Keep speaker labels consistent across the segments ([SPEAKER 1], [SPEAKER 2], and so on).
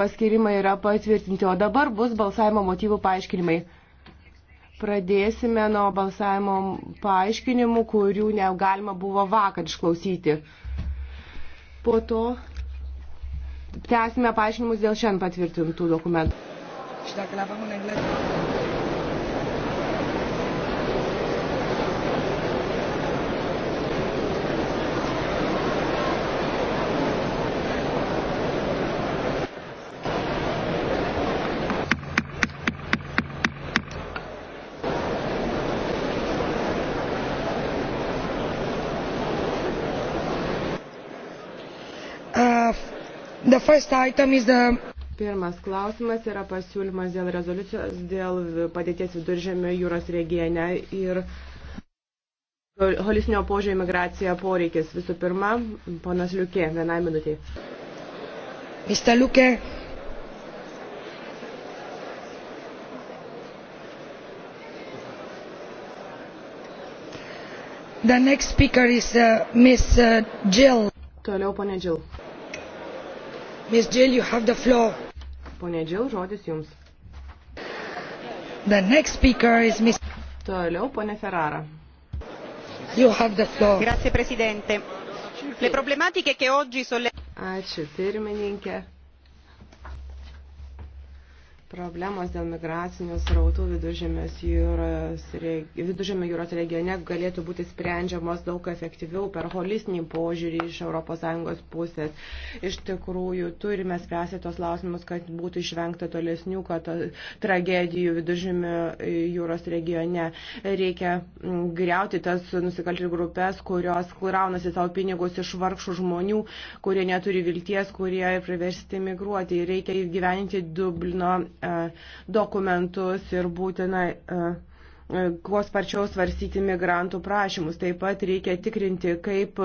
[SPEAKER 1] paskirimai yra patvirtinti, o dabar bus balsavimo motyvų paaiškinimai. Pradėsime nuo balsavimo paaiškinimų, kurių negalima buvo vakar išklausyti. Po to tęsime paaiškinimus dėl šiandien patvirtintų dokumentų.
[SPEAKER 2] the...
[SPEAKER 1] Pirmas klausimas yra pasiūlymas dėl rezoliucijos dėl padėties viduržėmio jūros regione ir holistinio požiūrį migraciją poreikis. Visų pirma, ponas Liukė, vienai minutiai. Mr. Liukė.
[SPEAKER 2] The next speaker is uh, Ms.
[SPEAKER 1] Uh, Jill. Toliau, ponė Jill. Ms. Jill, you have the floor. Pone Jill, žodis jums.
[SPEAKER 2] The next speaker is Ms.
[SPEAKER 1] Toliau, pone Ferrara.
[SPEAKER 3] You have the floor. Grazie,
[SPEAKER 1] Presidente. Le problematiche che oggi sollevano... Ačiū, pirmininkė problemos dėl migracinių srautų jūros, viduržėmio jūros regione galėtų būti sprendžiamos daug efektyviau per holistinį požiūrį iš ES pusės. Iš tikrųjų, turime spręsti tos lausimus, kad būtų išvengta tolesnių kato, tragedijų viduržėmio e, jūros regione. Reikia greuti tas nusikaltėlių grupės, kurios klaunasi savo pinigus iš vargšų žmonių, kurie neturi vilties, kurie priversti migruoti. Reikia įgyveninti Dublino E, dokumentus ir būtina e, e, kuo sparčiau svarstyti migrantų prašymus. Taip pat reikia tikrinti, kaip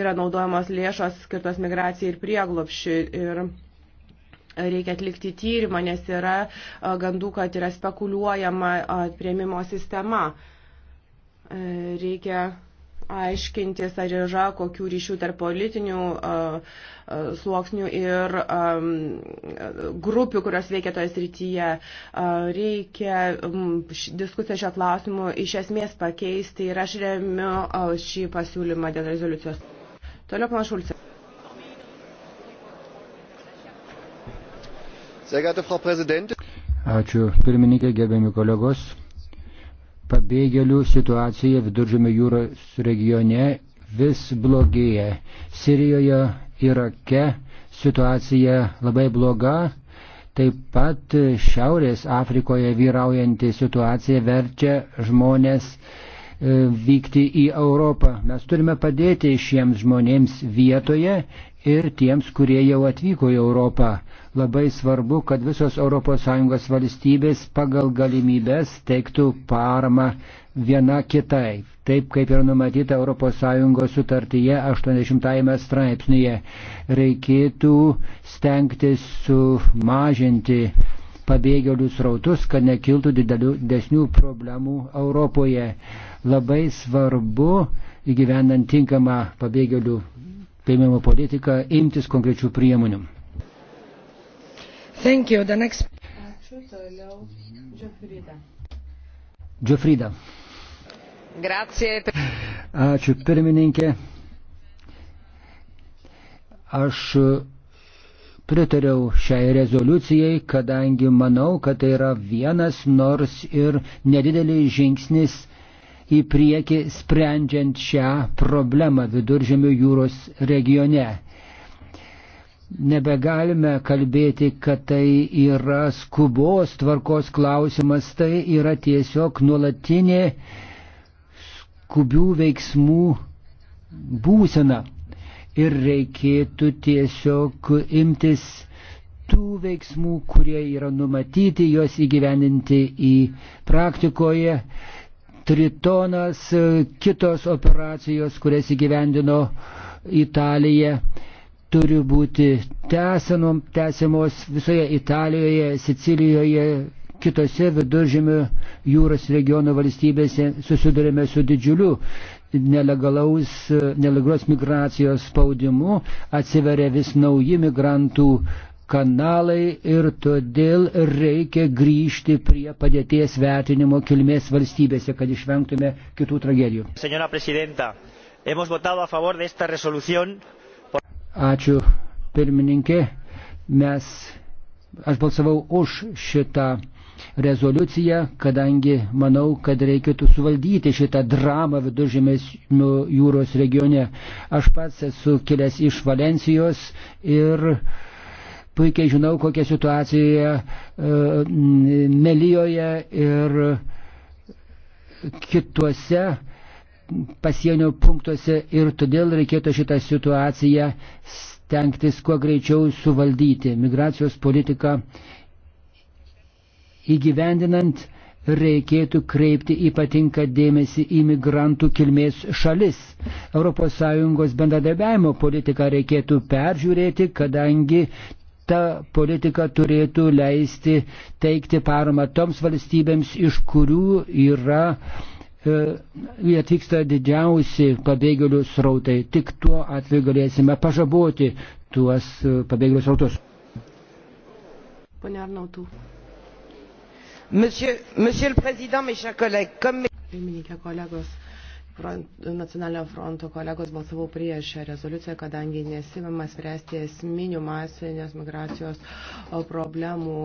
[SPEAKER 1] yra naudojamos lėšos skirtos migracijai ir prieglopšiui. Ir reikia atlikti tyrimą, nes yra gandų, kad yra spekuliuojama prieimimo sistema. Reikia aiškintis, ar yra kokių ryšių tarp politinių sluoksnių ir grupių, kurios veikia toje srityje. Reikia diskusiją šio klausimu iš esmės pakeisti ir aš remiu šį pasiūlymą dėl rezoliucijos. Toliau panašulcė.
[SPEAKER 2] Ačiū pirmininkė, gerbėmi kolegos. Pabėgėlių situacija viduržėme jūros regione vis blogėja. Sirijoje, Irake situacija labai bloga. Taip pat Šiaurės Afrikoje vyraujanti situacija verčia žmonės uh, E, vykti į Europą. Mes turime padėti šiems žmonėms vietoje ir tiems, kurie jau atvyko į Europą. Labai svarbu, kad visos ES valstybės pagal galimybės teiktų paramą viena kitai, taip kaip ir numatyta ES sutartyje 80 straipsnėje. Reikėtų stengtis sumažinti pabėgėlių srautus, kad nekiltų didelių desnių problemų Europoje. Labai svarbu įgyvendant tinkamą pabėgėlių kaimimo politiką imtis konkrečių priemonių. Thank you. The next...
[SPEAKER 1] Ačiū toliau. Džofrida.
[SPEAKER 2] Džofrida. Grazie. Ačiū pirmininkė. Aš e, pritariau šiai rezoliucijai, kadangi manau, kad tai yra vienas nors ir nedidelis žingsnis į priekį sprendžiant šią problemą viduržėmio jūros regione. Nebegalime kalbėti, kad tai yra skubos tvarkos klausimas, tai yra tiesiog nuolatinė skubių veiksmų būsena. Ir reikėtų tiesiog imtis tų veiksmų, kurie yra numatyti, juos įgyveninti į praktikoje. Tritonas, e, kitos operacijos, kurias įgyvendino Italija, turi būti tęsiamos visoje Italijoje, Sicilijoje, kitose viduržėmio jūros regiono valstybėse susidurėme su didžiuliu nelegalaus e, migracijos spaudimu, atsiveria vis nauji migrantų kanalai ir todėl reikia grįžti prie padėties vertinimo kilmės valstybėse, kad išvengtume kitų tragedijų. Ačiū, pirmininkė. Mes, aš balsavau už šitą rezoliuciją, kadangi manau, kad reikėtų suvaldyti šitą dramą viduržėmės jūros regione. Aš pats esu kilęs iš Valencijos ir puikiai žinau, kokia situacija e, Melijoje ir kituose pasienio punktuose ir todėl reikėtų šitą situaciją stengtis kuo greičiau suvaldyti. Migracijos politiką įgyvendinant reikėtų kreipti ypatinką dėmesį į migrantų kilmės šalis. ES bendradarbiavimo politiką reikėtų peržiūrėti, kadangi ta politika turėtų leisti teikti paramą toms valstybėms, iš kurių yra e, atvyksta didžiausi pabėgėlių srautai. Tik tuo atveju galėsime pažaboti tuos e, pabėgėlių srautus.
[SPEAKER 1] Pone Arnautų. Monsieur, monsieur le Président, mes chers collègues, comme... Pirmininkė kolegos, front, nacionalinio fronto kolegos balsavau prieš šią rezoliuciją, kadangi nesimama spręsti esminių masinės migracijos problemų,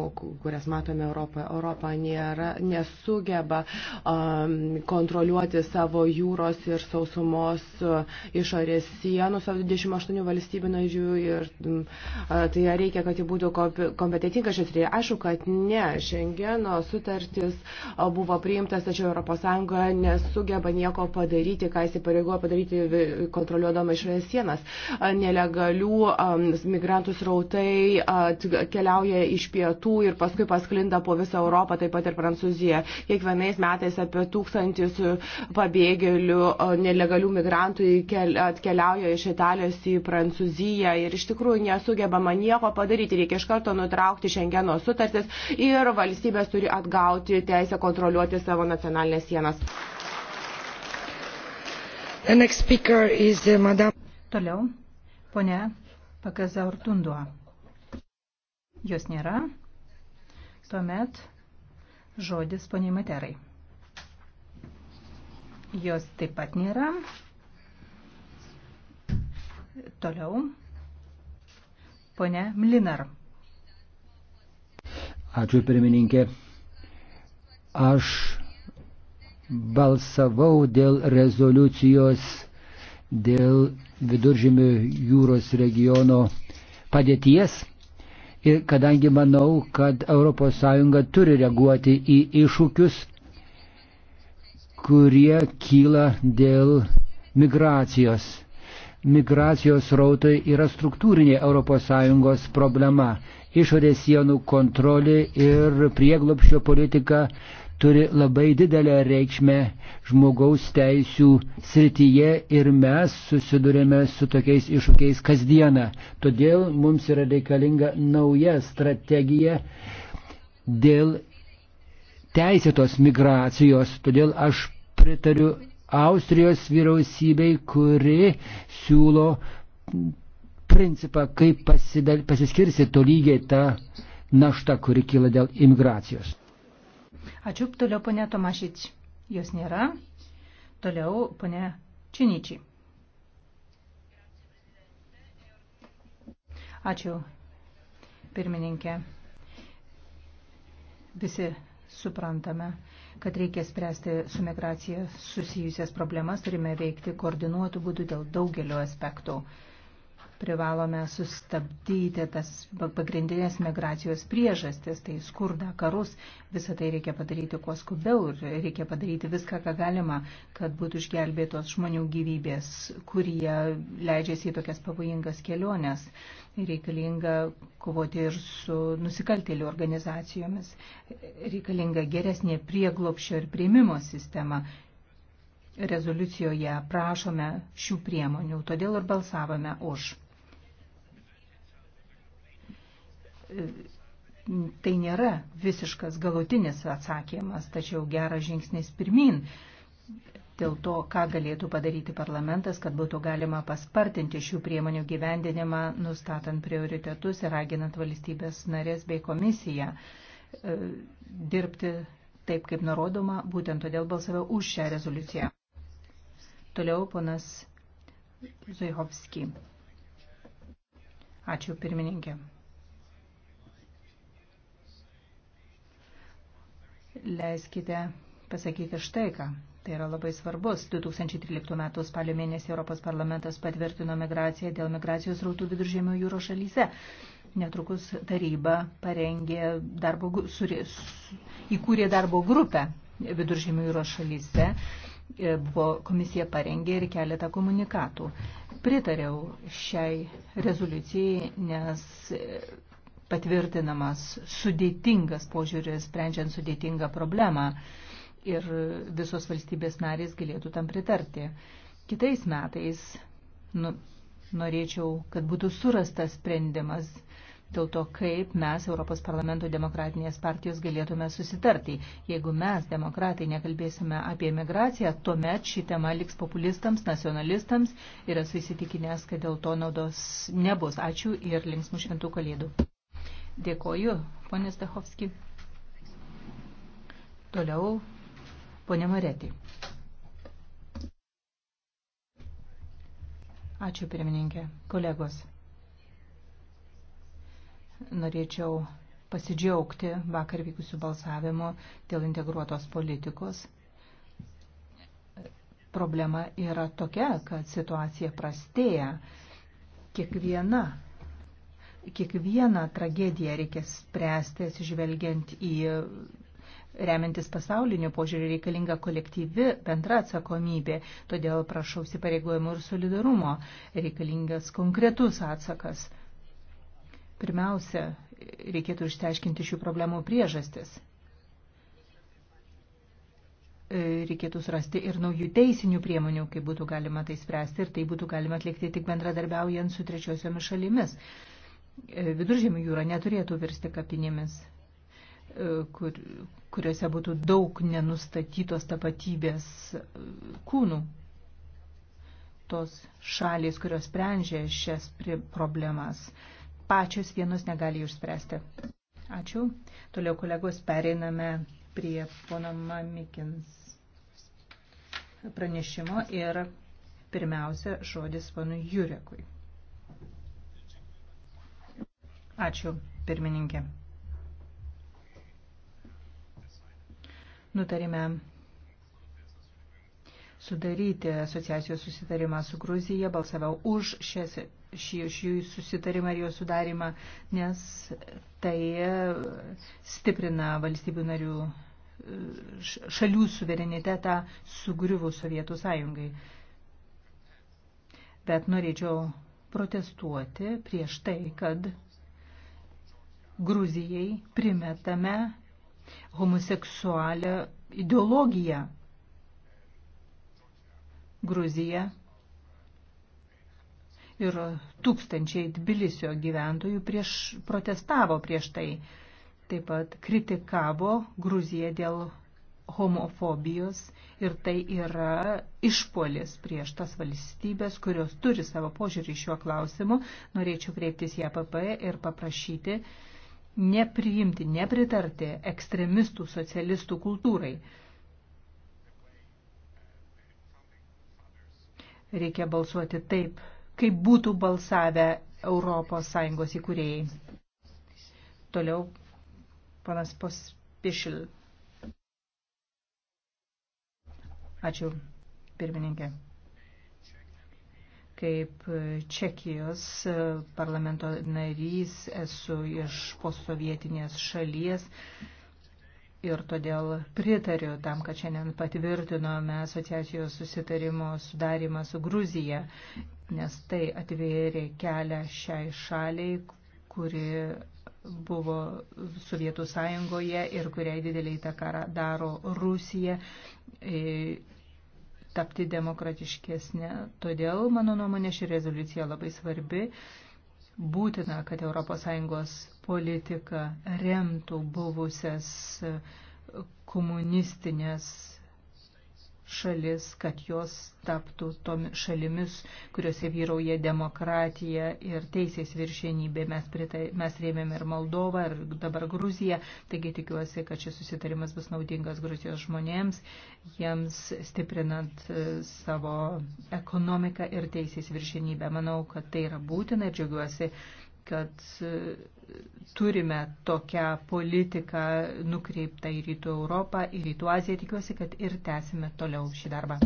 [SPEAKER 1] kurias matome Europoje. Europa nėra, nesugeba um, kontroliuoti savo jūros ir sausumos išorės sienų savo 28 valstybių nažių ir um, tai reikia, kad ji būtų kompetitinga šis rytis. Aišku, kad ne. Šengeno sutartis buvo priimtas, tačiau ES nesugeba nieko padaryti padaryti, ką įsipareigoja padaryti kontroliuodama išorės sienas. Nelegalių migrantų srautai keliauja iš pietų ir paskui pasklinda po visą Europą, taip pat ir Prancūziją. Kiekvienais metais apie tūkstantis pabėgėlių, nelegalių migrantų atkeliauja iš Italijos į Prancūziją ir iš tikrųjų nesugebama nieko padaryti. Reikia iš karto nutraukti Šengeno sutartis ir valstybės turi atgauti teisę kontroliuoti savo nacionalinės sienas.
[SPEAKER 2] Uh,
[SPEAKER 3] Toliau, ponia Pakazaurtundua. Jos nėra. Tuomet žodis poniai materai. Jos taip pat nėra. Toliau. Pone Mlinar.
[SPEAKER 2] Ačiū pirmininkė. Aš balsavau dėl rezoliucijos dėl viduržymio jūros regiono padėties. Ir kadangi manau, kad ES turi reaguoti į iššūkius, kurie kyla dėl migracijos. Migracijos rautai yra struktūrinė ES problema. Išorės sienų kontrolė ir prieglopšio politika turi labai didelę reikšmę žmogaus teisų srityje ir mes susidurėme su tokiais iššūkiais kasdieną. Todėl mums yra reikalinga nauja strategija dėl teisėtos migracijos. Todėl aš pritariu Austrijos vyriausybei, kuri siūlo principą, kaip pasiskirsi tolygiai tą naštą, kuri kyla dėl imigracijos.
[SPEAKER 3] Ačiū. Toliau ponė Tomašič. Jos nėra. Toliau ponė Činičiai. Ačiū, pirmininkė. Visi suprantame, kad reikia spręsti su migracija susijusias problemas, turime veikti koordinuotų būdų dėl daugelio aspektų privalome sustabdyti tas pagrindinės migracijos priežastis, tai skurda, karus, visą tai reikia padaryti kuo skubiau ir reikia padaryti viską, ką galima, kad būtų išgelbėtos žmonių gyvybės, kurie leidžiasi į tokias pavojingas keliones. Reikalinga kovoti ir su nusikaltėlių organizacijomis, reikalinga geresnė prieglopšio ir prieimimo sistema, rezoliucijoje prašome šių priemonių, todėl ir balsavome už. tai nėra visiškas galutinis atsakymas, tačiau geras žingsnis pirmin dėl to, ką galėtų padaryti parlamentas, kad būtų galima paspartinti šių priemonių gyvendinimą, nustatant prioritetus ir raginant valstybės narės bei komisiją e, dirbti taip, kaip nurodoma, būtent todėl balsavau už šią rezoliuciją. Toliau ponas Zuihovski. Ačiū pirmininkė. leiskite pasakyti štai ką. Tai yra labai svarbus. 2013 m. spalio mėnesį Europos parlamentas patvirtino migraciją dėl migracijos rautų viduržėmio jūros šalyse. Netrukus taryba parengė darbo, surė, įkūrė darbo grupę viduržėmio jūros šalyse. E, Buvo komisija parengė ir keletą komunikatų. Pritariau šiai rezoliucijai, nes patvirtinamas sudėtingas požiūris, sprendžiant sudėtingą problemą ir visos valstybės narės galėtų tam pritarti. Kitais metais nu, norėčiau, kad būtų surastas sprendimas dėl to, kaip mes, Europos parlamento demokratinės partijos, galėtume susitarti. Jeigu mes, demokratai, nekalbėsime apie migraciją, tuomet ši tema liks populistams, nacionalistams ir esu įsitikinęs, kad dėl to naudos nebus. Ačiū ir linksmų šventų kalėdų. Dėkoju, ponė Stachovski. Toliau, ponė Maretė. Ačiū, pirmininkė. Kolegos, norėčiau pasidžiaugti vakar vykusių balsavimo dėl integruotos politikos. Problema yra tokia, kad situacija prastėja. Kiekviena kiekvieną tragediją reikia spręsti atsižvelgiant į remiantis pasauliniu požiūriu reikalinga kolektyvi bendra atsakomybė, todėl prašau įsipareigojimų ir solidarumo, reikalingas konkretus atsakas. Pirmiausia, reikėtų išteiškinti šių problemų priežastis. E, reikėtų surasti ir naujų teisinių priemonių, kaip būtų galima tai spręsti ir tai būtų galima atlikti tik bendradarbiaujant su trečiosiomis šalimis. E, viduržėmių jūra neturėtų virsti kapinėmis, e, kur, kuriuose būtų daug nenustatytos tapatybės e, kūnų. Tos šalys, kurios sprendžia šias problemas, pačios vienos negali jų išspręsti. Ačiū. Toliau kolegos pereiname prie pono Mamikins pranešimo ir pirmiausia žodis ponui Jurekui. Ačiū, pirmininkė. Nutarime sudaryti asociacijos susitarimą su Gruzija, balsavau už šias, šį, šį susitarimą ir jo sudarimą, nes tai stiprina valstybių narių šalių suverenitetą sugriuvus Sovietų sąjungai. Bet norėčiau protestuoti prieš tai, kad Gruzijai primetame homoseksualią ideologiją. Gruzija ir tūkstančiai Tbilisio gyventojų prieš, protestavo prieš tai. Taip pat kritikavo Gruziją dėl homofobijos ir tai yra išpolis prieš tas valstybės, kurios turi savo požiūrį šiuo klausimu. Norėčiau kreiptis į APP ir paprašyti uh, nepriimti, nepritarti ekstremistų socialistų kultūrai. Reikia balsuoti taip, kaip būtų balsavę ES įkūrėjai. Toliau panas Pospišil. Ačiū, pirmininkė. Kaip Čekijos e, parlamento narys esu iš posovietinės šalies ir todėl pritariu tam, kad šiandien patvirtinome asociacijos susitarimo sudarimą su Gruzija, nes tai atvėrė kelią šiai šaliai, kuri buvo Sovietų sąjungoje ir kuriai didelį įtaką daro Rusija e, tapti demokratiškesnė. Todėl, mano nuomonė, ši rezoliucija labai svarbi. Būtina, kad ES politika remtų buvusias komunistinės šalis, kad jos taptų tomis šalimis, kuriuose vyrauja demokratija ir teisės viršienybė. Mes, pritai, mes rėmėme ir Moldovą, ir dabar Gruziją, taigi tikiuosi, kad šis susitarimas bus naudingas Gruzijos žmonėms, jiems stiprinant e, savo ekonomiką ir teisės viršienybę. Manau, kad tai yra būtina ir džiaugiuosi kad e, turime tokią politiką nukreiptą į Rytų Europą, į Rytų Aziją. Tikiuosi, kad ir tęsime toliau šį darbą.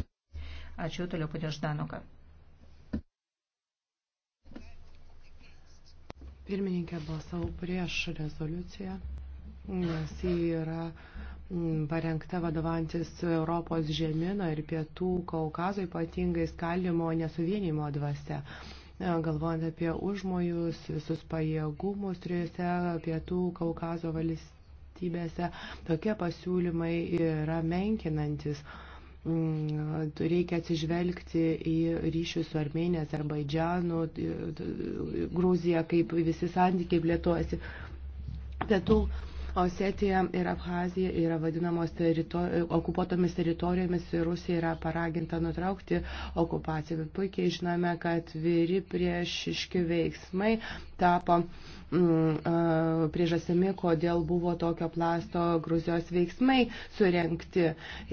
[SPEAKER 3] Ačiū toliau, ponė Ždanoka.
[SPEAKER 1] Pirmininkė balsavo prieš rezoliuciją, nes jį yra parengta vadovantis Europos žemyną ir pietų Kaukazo ypatingai skalimo nesuvienimo dvasia. E, galvojant apie užmojus, visus pajėgumus trijose pietų Kaukazo valstybėse. Tokie pasiūlymai yra menkinantis mm, reikia atsižvelgti į ryšius su Armenija, Azerbaidžianu, Gruzija, kaip visi santykiai plėtojasi. Pietų Osetija ir Abhazija yra vadinamos teritori okupuotomis teritorijomis ir Rusija yra paraginta nutraukti okupaciją. Bet puikiai žinome, kad vyri priešiški veiksmai tapo mm, priežasimi, kodėl buvo tokio plasto Gruzijos veiksmai surenkti.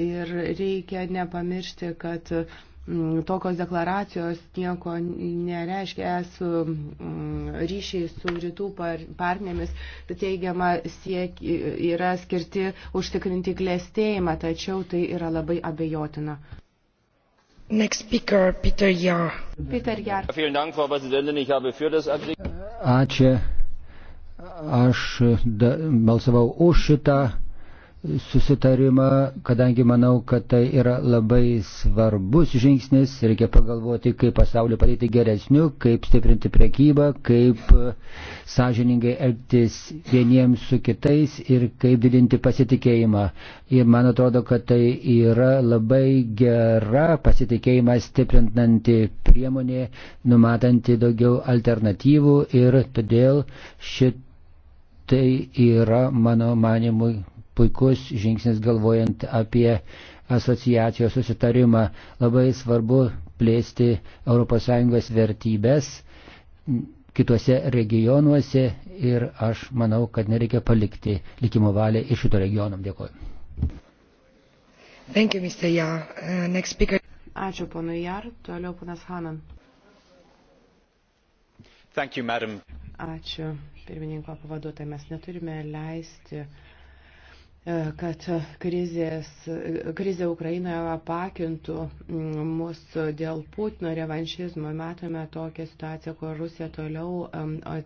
[SPEAKER 1] Ir reikia nepamiršti, kad mm, Mm, tokios deklaracijos nieko nereiškia es mm, ryšiai su rytų par, partnėmis, teigiama, siek, yra skirti užtikrinti klėstėjimą, tačiau tai yra labai abejotina. Next speaker, Peter Jar. Peter Jar.
[SPEAKER 2] Ačiū. Aš da, balsavau už šitą susitarimą, kadangi manau, kad tai yra labai svarbus žingsnis, reikia pagalvoti, kaip pasaulį padaryti geresniu, kaip stiprinti prekybą, kaip sąžiningai elgtis vieniems su kitais ir kaip didinti pasitikėjimą. Ir man atrodo, kad tai yra labai gera pasitikėjimą stiprinanti priemonė, numatanti daugiau alternatyvų ir todėl šitai yra mano manimui puikus žingsnis galvojant apie asociacijos susitarimą. Labai svarbu plėsti ES vertybės kitose regionuose ir aš manau, kad nereikia palikti likimo valią iš šito regionom. Dėkuoju. Thank you, Mr. Jar.
[SPEAKER 1] Uh, next speaker. Ačiū, ponui Jar. Toliau, ponas Hanan.
[SPEAKER 3] Thank you, madam.
[SPEAKER 1] Ačiū, pirmininko pavaduotojai. Mes neturime leisti uh, E, kad krizės, e, krizė Ukrainoje pakintų mm, mus dėl Putino revanšizmo. Matome tokią situaciją, kur Rusija toliau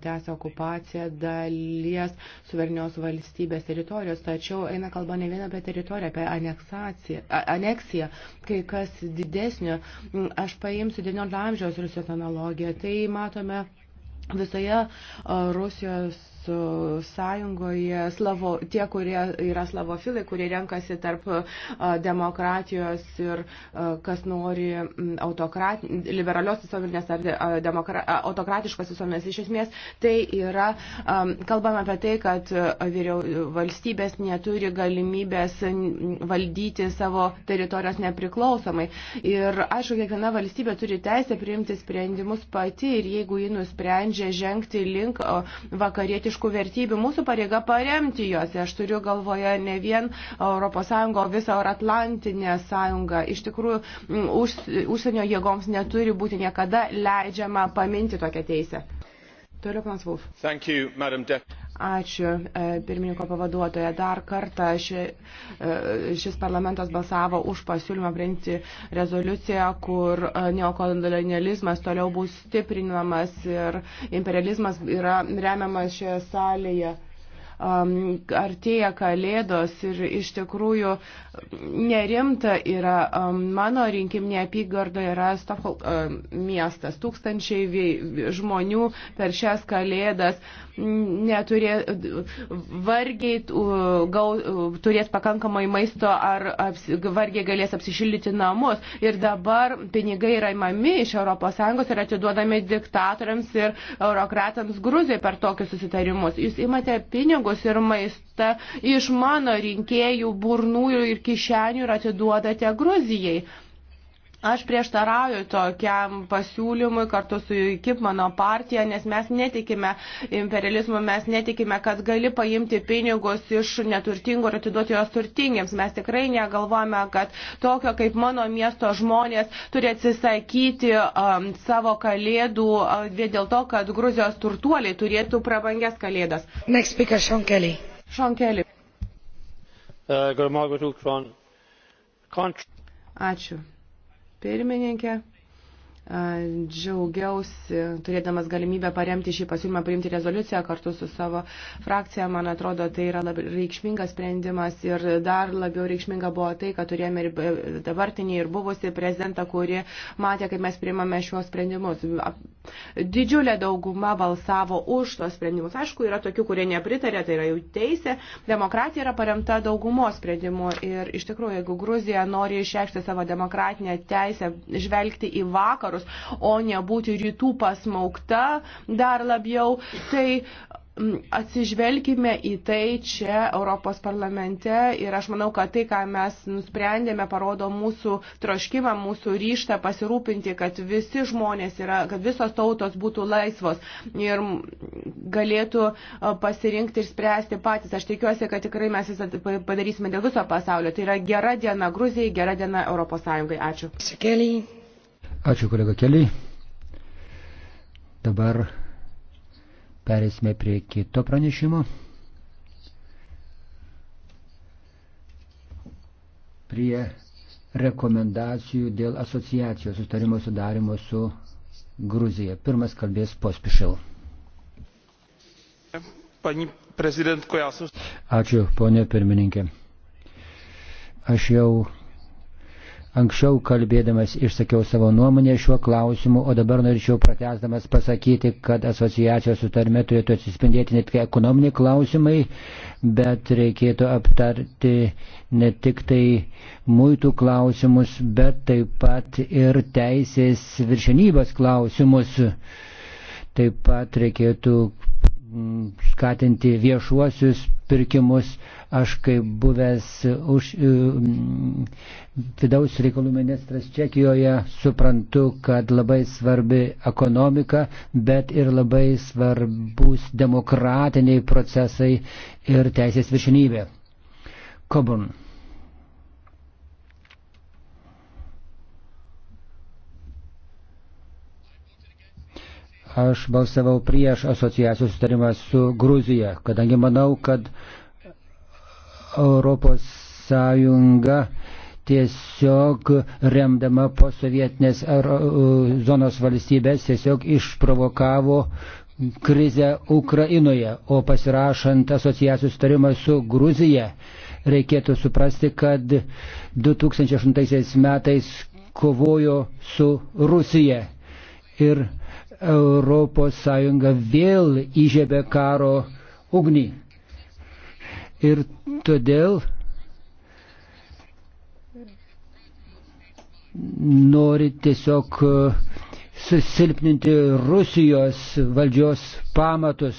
[SPEAKER 1] tęsia okupaciją dalies suverenios valstybės teritorijos. Tačiau eina kalba ne viena apie teritoriją, apie aneksiją, kai kas didesnio. Aš paimsiu 19 amžiaus Rusijos analogiją. Tai matome visoje Rusijos sąjungoje slavo, tie, kurie yra slavofilai, kurie renkasi tarp demokratijos ir kas nori autokrat, liberalios visuomenės ar demokra, autokratiškos visuomenės. Iš esmės, tai yra, kalbame apie tai, kad vyriau, valstybės neturi galimybės valdyti savo teritorijos nepriklausomai. Ir aišku, kiekviena valstybė turi teisę priimti sprendimus pati ir jeigu ji nusprendžia žengti link vakarietiškų europietiškų vertybių, mūsų pareiga paremti juos. Aš turiu galvoje ne vien ES, o visą Atlantinę sąjungą. Iš tikrųjų, už, užsienio jėgoms neturi būti niekada leidžiama paminti tokią teisę. Toliau panas Wolf. Ačiū, e, pirmininko pavaduotoja. Dar kartą ši, e, šis parlamentas balsavo už pasiūlymą priimti rezoliuciją, kur e, neokolonializmas toliau bus stiprinamas ir imperializmas yra remiamas šioje salėje um, artėja kalėdos ir iš tikrųjų nerimta yra. Um, mano rinkiminė apygarda yra Stokol um, miestas. Tūkstančiai vė, žmonių per šias kalėdas neturė, vargiai uh, gau, uh, turės pakankamai maisto ar apsi, vargiai galės apsišildyti namus. Ir dabar pinigai yra imami iš ES ir atiduodami diktatoriams ir eurokratams Gruzijai per tokius susitarimus. Jūs imate pinigus pinigus ir maistą iš mano rinkėjų burnų ir kišenių ir atiduodate Gruzijai. Aš prieštarauju tokiam pasiūlymui kartu su KIP mano partija, nes mes netikime imperializmu, mes netikime, kad gali paimti pinigus iš neturtingų ir atiduoti juos turtingiems. Mes tikrai negalvojame, kad tokio kaip mano miesto žmonės turi atsisakyti um, savo kalėdų um, vien dėl to, kad Gruzijos turtuoliai turėtų prabangės kalėdas.
[SPEAKER 2] Next speaker, Sean Kelly.
[SPEAKER 1] Sean Kelly.
[SPEAKER 3] Uh,
[SPEAKER 1] Ačiū pirmininkė. Džiaugiausi turėdamas galimybę paremti šį pasiūlymą, priimti rezoliuciją kartu su savo frakcija. Man atrodo, tai yra labai reikšmingas sprendimas ir dar labiau reikšminga buvo tai, kad turėjome ir e, dabartinį, ir buvusi prezidentą, kuri matė, kaip mes priimame šiuos sprendimus. Didžiulė dauguma balsavo už tos sprendimus. Aišku, yra tokių, kurie nepritarė, tai yra jų teisė. Demokratija yra paremta daugumos sprendimu ir iš tikrųjų, jeigu Gruzija nori išreikšti savo demokratinę teisę, žvelgti į vakarus, o nebūti rytų pasmaukta dar labiau, tai Mm, atsižvelgime į tai čia Europos parlamente ir aš manau, kad tai, ką mes nusprendėme, parodo mūsų troškimą, mūsų ryštą pasirūpinti, kad visi žmonės yra, kad visos tautos būtų laisvos ir galėtų pasirinkti ir spręsti patys. Aš tikiuosi, kad tikrai mes visą tai padarysime dėl viso pasaulio. Tai yra gera diena Gruzijai, gera diena Europos Sąjungai. Ačiū.
[SPEAKER 2] Ačiū, kolega Keliai. Dabar Perėsime prie kito pranešimo. Prie rekomendacijų dėl asociacijos sustarimo sudarimo su Gruzija. Pirmas kalbės pospišil.
[SPEAKER 3] Ačiū,
[SPEAKER 2] ponė pirmininkė. Aš jau Anksčiau kalbėdamas išsakiau savo nuomonę šiuo klausimu, o dabar norėčiau pratesdamas pasakyti, kad asociacijos sutarime turėtų atsispindėti ne tik ekonominiai klausimai, bet reikėtų aptarti ne tik tai muitų klausimus, bet taip pat ir teisės viršenybės klausimus. Taip pat reikėtų mm, skatinti viešuosius pirkimus. Aš kaip buvęs už, e, mm, vidaus reikalų ministras Čekijoje suprantu, kad labai svarbi ekonomika, bet ir labai svarbus demokratiniai procesai ir teisės viršinybė. Kobun. aš balsavau prieš asociacijos sutarimą su Gruzija, kadangi manau, kad Europos Sąjunga tiesiog remdama posovietinės e, zonos valstybės tiesiog išprovokavo krizę Ukrainoje, o pasirašant asociacijos sutarimą su Gruzija reikėtų suprasti, kad 2008 metais kovojo su Rusija ir ES vėl įžiebė karo ugnį. Ir todėl nori tiesiog susilpninti Rusijos valdžios pamatus,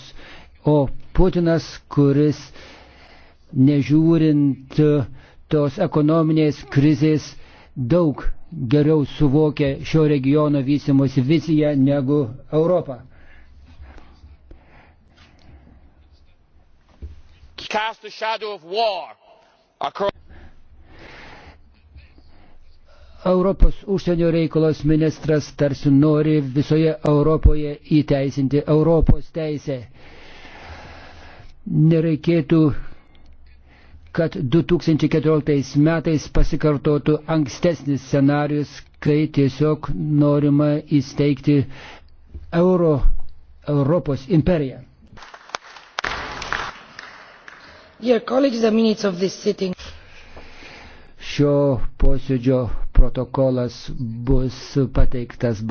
[SPEAKER 2] o Putinas, kuris nežiūrint tos ekonominės krizės daug geriau suvokia šio regiono vystimosi viziją negu Europą. Europos užsienio reikalos ministras tarsi nori visoje Europoje įteisinti Europos teisę. Nereikėtų kad 2014 metais pasikartotų ankstesnis scenarius, kai tiesiog norima įsteigti Euro, Europos imperiją. Šio posėdžio protokolas bus pateiktas.